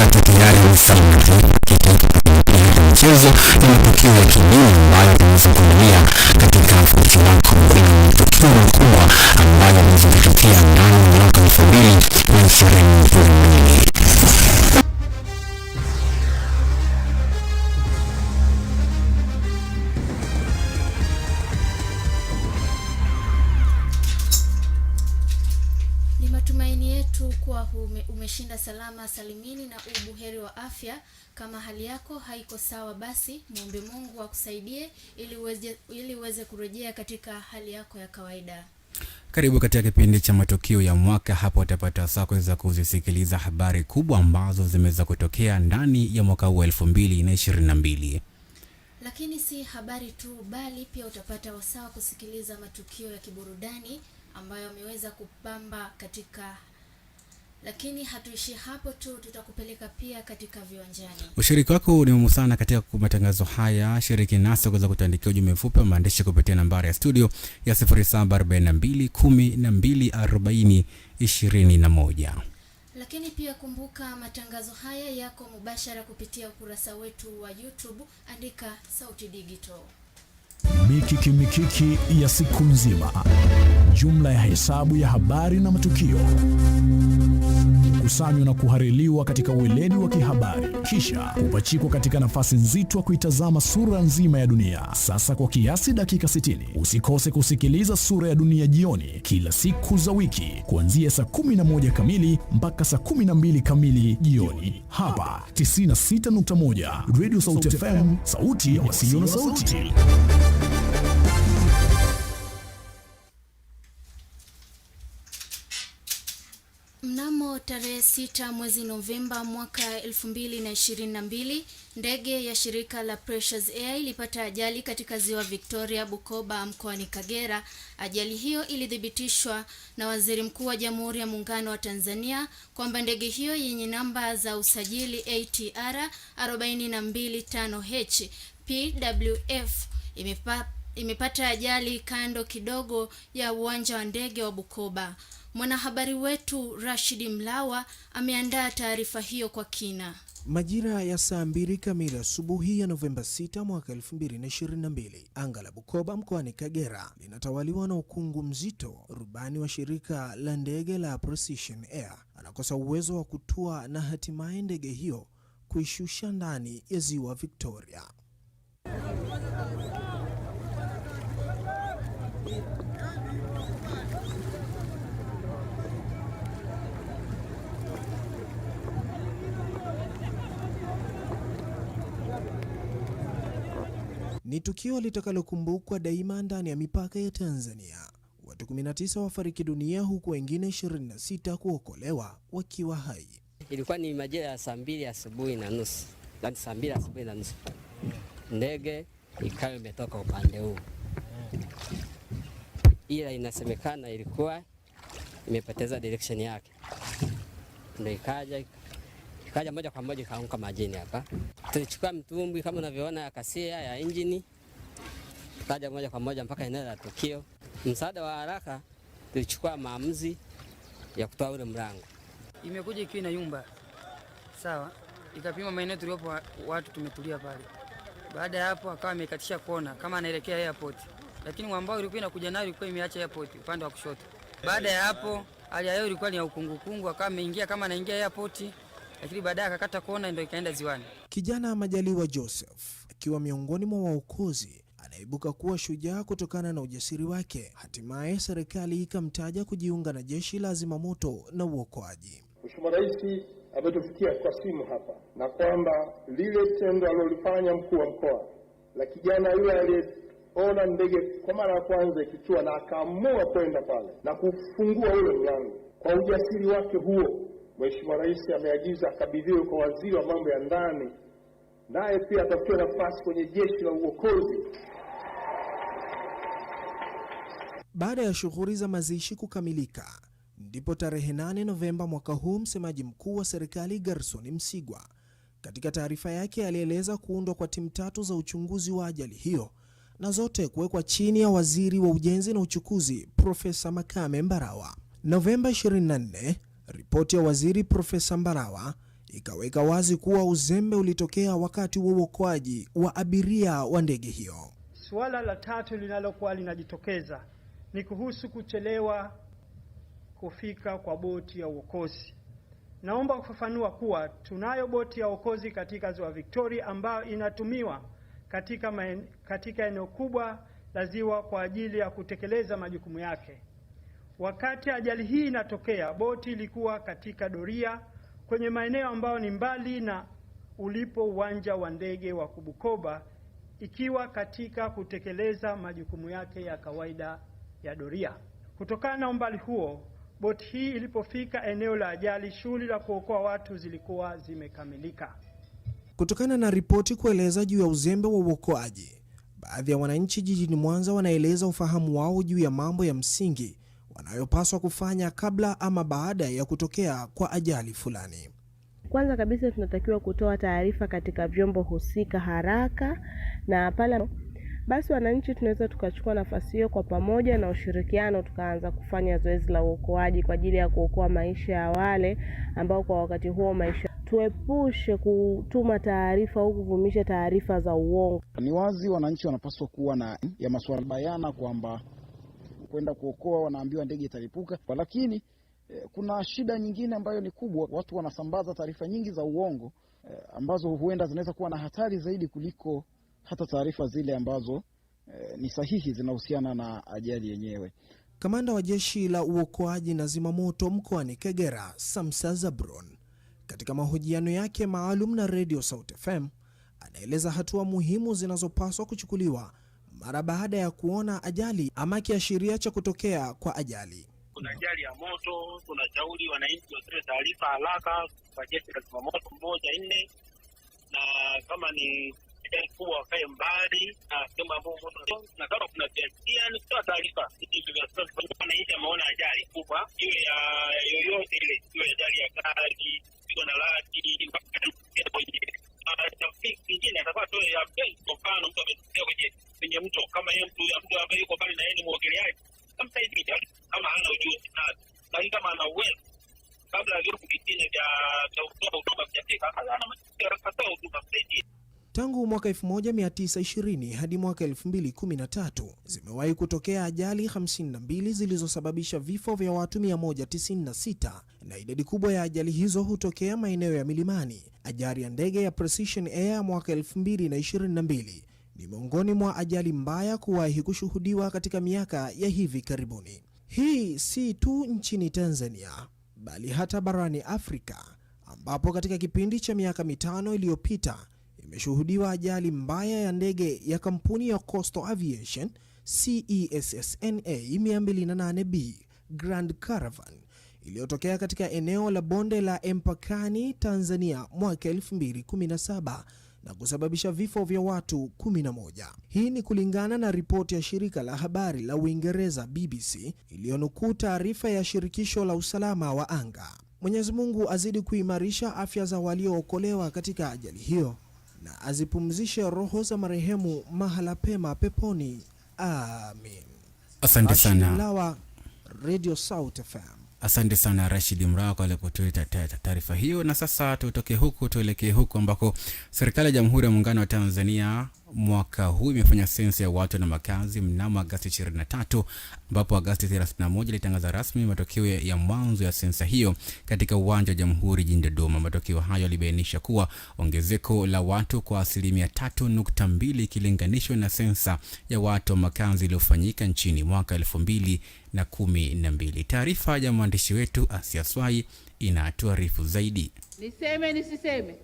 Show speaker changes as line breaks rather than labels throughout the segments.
wakati tayari msalama kitengo cha mchezo ni matukio ya kidini ambayo tumefungulia ume, umeshinda salama salimini na ubuheri wa afya. Kama hali yako haiko sawa, basi muombe Mungu akusaidie ili uweze, ili uweze kurejea katika hali yako ya kawaida.
Karibu katika kipindi cha matukio ya mwaka. Hapo utapata saa kuweza kuzisikiliza habari kubwa ambazo zimeweza kutokea ndani ya mwaka huu elfu mbili na ishirini na mbili
lakini si habari tu, bali pia utapata wasaa kusikiliza matukio ya kiburudani ambayo ameweza kupamba katika lakini hatuishi hapo tu, tutakupeleka pia katika viwanjani.
Ushiriki wako ni muhimu sana katika matangazo haya. Shiriki nasi kuweza kutuandikia ujumbe mfupi wa maandishi kupitia nambari ya studio ya 0742124021.
Lakini pia kumbuka, matangazo haya yako mubashara kupitia ukurasa wetu wa YouTube, andika Sauti Digital
mikikimikiki ya siku nzima, jumla ya hesabu ya habari na matukio kusanywa na kuhaririwa katika ueledi wa kihabari, kisha kupachikwa katika nafasi nzito ya kuitazama sura nzima ya dunia, sasa kwa kiasi dakika 60. Usikose kusikiliza Sura ya Dunia jioni kila siku za wiki kuanzia saa 11 kamili mpaka saa 12 kamili jioni hapa 96.1 Radio Sauti FM, sauti ya wasio na sauti.
Mnamo tarehe 6 mwezi Novemba mwaka 2022, ndege ya shirika la Precious Air ilipata ajali katika ziwa Victoria, Bukoba, mkoani Kagera. Ajali hiyo ilithibitishwa na Waziri Mkuu wa Jamhuri ya Muungano wa Tanzania kwamba ndege hiyo yenye namba za usajili ATR 425H PWF imepata imepata ajali kando kidogo ya uwanja wa ndege wa Bukoba. Mwanahabari wetu Rashidi Mlawa ameandaa taarifa hiyo kwa kina.
Majira ya saa mbili kamili asubuhi ya Novemba 6 mwaka 2022, anga la Bukoba mkoani Kagera linatawaliwa na ukungu mzito. Rubani wa shirika la ndege la Precision Air anakosa uwezo wa kutua na hatimaye ndege hiyo kuishusha ndani ya ziwa Victoria. Ni tukio litakalokumbukwa daima ndani ya mipaka ya Tanzania. Watu 19 wafariki dunia huku wengine 26 kuokolewa wakiwa hai.
Ilikuwa ni majira ya saa mbili asubuhi na nusu, yani saa mbili asubuhi na nusu, ndege ikawa imetoka upande huu, ila inasemekana ilikuwa imepoteza direction yake, ndio ikaja ikaja moja kwa moja ikaanguka majini hapa. Tulichukua mtumbwi kama unavyoona ya kasia ya injini, tukaja moja kwa moja mpaka eneo la tukio. Msaada wa haraka, tulichukua maamuzi ya kutoa ule mlango.
Imekuja ikiwa na nyumba sawa, ikapima maeneo tuliopo watu tumetulia pale. Baada ya hapo, akawa amekatisha kona kama anaelekea airport, lakini mwambao ulikuwa inakuja nayo ilikuwa imeacha airport upande wa kushoto. Baada ya hapo, hali ya hewa ilikuwa ni ya ukungukungu, akawa ameingia kama anaingia airport lakini baadaye akakata kuona ndio ikaenda ziwani.
Kijana Majaliwa Joseph akiwa miongoni mwa waokozi anaibuka kuwa shujaa kutokana na ujasiri wake. Hatimaye serikali ikamtaja kujiunga na jeshi la zimamoto na uokoaji.
Mheshimiwa Rais ametufikia kwa simu hapa na kwamba lile tendo alilolifanya mkuu wa mkoa la kijana yule aliyeona ndege kwa mara ya kwanza ikitua na akaamua kwenda pale na kufungua ule mlango kwa ujasiri wake huo Mheshimiwa Rais ameagiza akabidhiwe kwa waziri wa mambo ya ndani, naye pia atafutiwa nafasi kwenye jeshi la uokozi.
Baada ya shughuli za mazishi kukamilika, ndipo tarehe 8 Novemba mwaka huu, msemaji mkuu wa serikali Gerson Msigwa katika taarifa yake alieleza kuundwa kwa timu tatu za uchunguzi wa ajali hiyo na zote kuwekwa chini ya waziri wa ujenzi na uchukuzi Profesa Makame Mbarawa. Novemba 24 Ripoti ya waziri Profesa Mbarawa ikaweka wazi kuwa uzembe ulitokea wakati wa uokoaji wa abiria wa ndege hiyo.
Suala la tatu linalokuwa linajitokeza ni kuhusu kuchelewa kufika kwa boti ya uokozi. Naomba kufafanua kuwa tunayo boti ya uokozi katika Ziwa Victoria ambayo inatumiwa katika, katika eneo kubwa la ziwa kwa ajili ya kutekeleza majukumu yake. Wakati ajali hii inatokea, boti ilikuwa katika doria kwenye maeneo ambayo ni mbali na ulipo uwanja wa ndege wa kubukoba ikiwa katika kutekeleza majukumu yake ya kawaida ya doria. Kutokana na umbali huo, boti hii ilipofika eneo la ajali, shughuli la kuokoa watu zilikuwa zimekamilika.
Kutokana na ripoti kueleza juu ya uzembe wa uokoaji, baadhi ya wananchi jijini Mwanza wanaeleza ufahamu wao juu ya mambo ya msingi wanayopaswa kufanya kabla ama baada ya kutokea kwa ajali fulani.
Kwanza kabisa tunatakiwa kutoa taarifa katika vyombo husika haraka, na pale basi wananchi tunaweza tukachukua nafasi hiyo kwa pamoja na ushirikiano, tukaanza kufanya zoezi la uokoaji kwa ajili ya kuokoa maisha ya wale ambao kwa wakati huo maisha tuepushe kutuma taarifa au kuvumisha taarifa za uongo.
Ni wazi wananchi wanapaswa kuwa na ya masuala bayana kwamba kwenda kuokoa, wanaambiwa ndege italipuka. Lakini eh, kuna shida nyingine ambayo ni kubwa, watu wanasambaza taarifa nyingi za uongo eh, ambazo huenda zinaweza kuwa na hatari zaidi kuliko hata taarifa zile ambazo eh, ni sahihi zinahusiana na ajali yenyewe.
Kamanda wa jeshi la uokoaji na zimamoto mkoani Kagera, Samsa Zabron, katika mahojiano yake maalum na redio Sauti FM, anaeleza hatua muhimu zinazopaswa kuchukuliwa mara baada ya kuona ajali ama kiashiria cha kutokea kwa ajali.
Kuna ajali ya moto, tunashauri wananchi watoe taarifa haraka kwa jeshi la zimamoto moja nne, na kama ni kuwa wakae mbali na sehemu ambao moto, na kama kuna pia ni kutoa taarifa wananchi ameona ajali kubwa ile ya yoyote ile, sio ajali ya gari, iko na laki ingine atakuwa tu ya benki. Kwa mfano mtu ametukia kwenye kwenye mto kama yeye mtu mtu ambaye yuko pale na yeye ni mwogeleaji, amsaidia kama hana ujuzi na lakini kama ana uwezo kabla ya vyombo vingine vya kutoa huduma vijafika, hana matatizo ya kutoa huduma msaidia Tangu mwaka 1920 hadi mwaka 2013 zimewahi kutokea ajali 52 zilizosababisha vifo vya watu 196 na idadi kubwa ya ajali hizo hutokea maeneo ya milimani. Ajali ya ndege ya Precision Air mwaka 2022 ni miongoni mwa ajali mbaya kuwahi kushuhudiwa katika miaka ya hivi karibuni. Hii si tu nchini Tanzania bali hata barani Afrika ambapo katika kipindi cha miaka mitano iliyopita imeshuhudiwa ajali mbaya ya ndege ya kampuni ya Coastal Aviation CESSNA 208B Grand Caravan iliyotokea katika eneo la bonde la Empakani, Tanzania mwaka 2017 na kusababisha vifo vya watu 11. Hii ni kulingana na ripoti ya shirika la habari la Uingereza BBC iliyonukuu taarifa ya shirikisho la usalama wa anga. Mwenyezi Mungu azidi kuimarisha afya za waliookolewa katika ajali hiyo na azipumzishe roho za marehemu mahala pema peponi. Amin. Asante sana. Lawa, Radio South FM. Asante sana Rashid kwa alipotuletea taarifa hiyo, na sasa tutoke huku tuelekee huku ambako serikali ya Jamhuri ya Muungano wa Tanzania mwaka huu imefanya sensa ya watu na makazi mnamo Agasti 23, ambapo Agasti 31 ilitangaza rasmi matokeo ya mwanzo ya sensa hiyo katika uwanja wa Jamhuri jijini Dodoma. Matokeo hayo yalibainisha kuwa ongezeko la watu kwa asilimia 3.2 ikilinganishwa na sensa ya watu wa makazi iliyofanyika nchini mwaka 2012. Taarifa ya mwandishi wetu Asia Swai inatuarifu zaidi. Niseme nisiseme?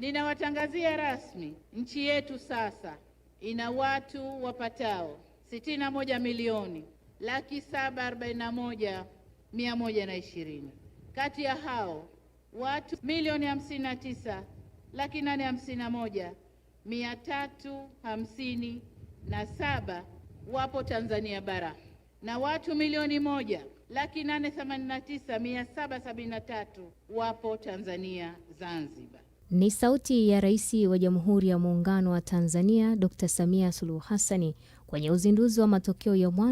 Ninawatangazia rasmi nchi yetu sasa ina watu wapatao sitini na moja milioni laki saba arobaini na moja mia moja na ishirini. Kati ya hao watu milioni hamsini na tisa laki nane hamsini na moja mia tatu hamsini na saba wapo Tanzania bara na watu milioni moja laki nane themanini na tisa mia saba sabini na tatu wapo Tanzania Zanzibar. Ni sauti ya Rais wa Jamhuri ya Muungano wa Tanzania Dr. Samia Suluhu Hassani kwenye uzinduzi wa matokeo ya mwanzo